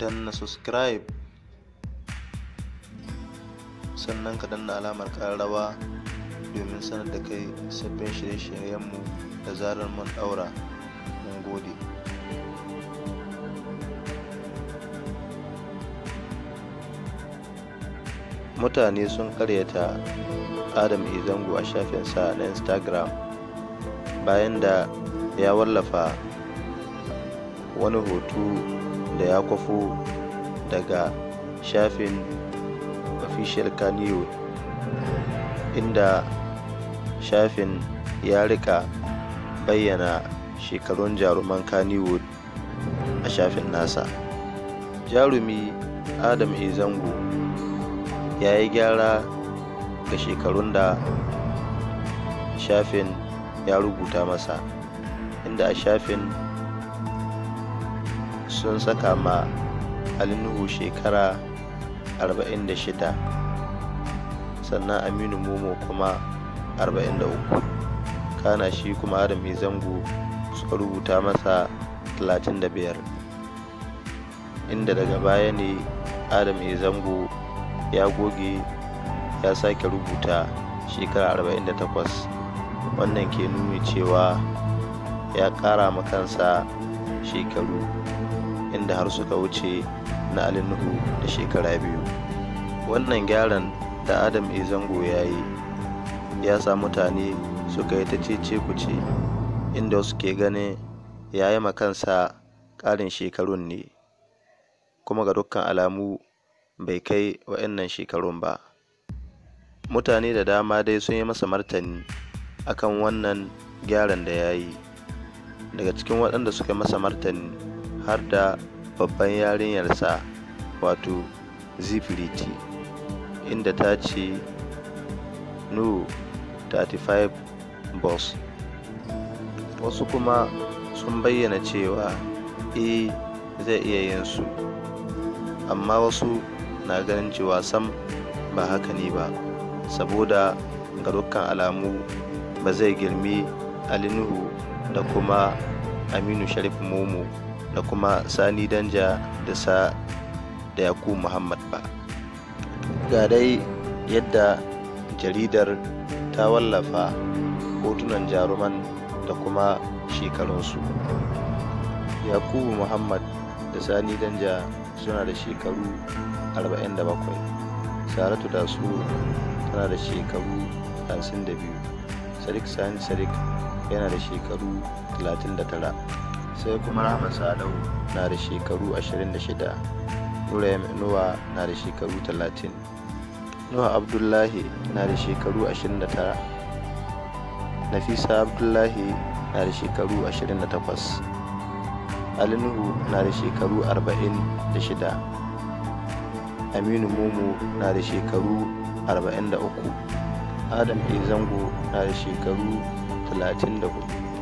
danna subscribe sannan ka danna alamar rawa domin sanar da kai sabbin shirye-shiryenmu da zarar mun daura mun gode mutane sun karyata adam izango a shafinsa na instagram bayan da ya wallafa wani hoto da ya kwafo daga shafin official kannywood inda shafin ya rika bayyana shekarun jaruman kaniyo a shafin nasa jarumi adam zango ya yi gyara ga shekarun da shafin ya rubuta masa inda a shafin sun saka ma alinuhu shekara 46 sannan aminu momo kuma 43 kana shi kuma adam zango suka rubuta masa 35 inda daga baya ne adam zango ya goge ya sake rubuta shekara 48 wannan ke nuni cewa ya kara makansa shekaru inda har suka wuce na alinuhu da shekara biyu wannan gyaran da adam e zango ya yi ya sa mutane suka yi ta cece kuce inda wasu ke ganin ya yi kansa ƙarin shekarun ne kuma ga dukkan alamu bai kai wa'annan shekarun ba mutane da dama dai sun yi masa martani akan wannan gyaran da ya yi daga cikin waɗanda suka masa martani har da babban yarinyarsa wato zifiriti inda ta ce “No-35 Boss”, wasu kuma sun bayyana cewa e zai iya yin su, amma wasu na ganin cewa sam ba haka ne ba, saboda ga dukkan alamu ba zai girmi Ali Nuhu da kuma Aminu Sharif Momo. da kuma sani danja da sa da yaku muhammad ba ga dai yadda jaridar ta wallafa hotunan jaruman da kuma shekarunsu yakubu muhammad da sani danja suna da shekaru 47 saratu dasu tana da shekaru 52 sadiq sani sadiq yana da shekaru 39 sai kuma rahman sadau na da shekaru 26 nura nuwa na da shekaru 30 nuwa abdullahi na da shekaru 29 nafisa abdullahi na da shekaru 28 alinuhu na da shekaru 46 aminu mumu na da shekaru 43 adam e na da shekaru 34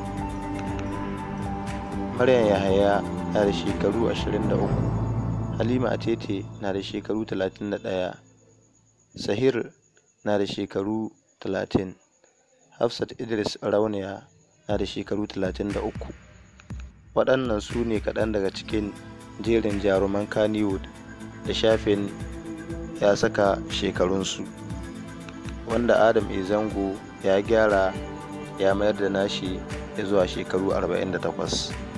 Maryam Yahaya na da shekaru 23, Halima Atete na da shekaru 31, Sahir na da shekaru 30, Hafsat Idris Rauniya na da shekaru 33. Waɗannan su ne kaɗan daga cikin jerin jaruman Kannywood da shafin ya saka shekarunsu, wanda Adam Izango ya gyara ya mayar da nashi ya zuwa shekaru 48.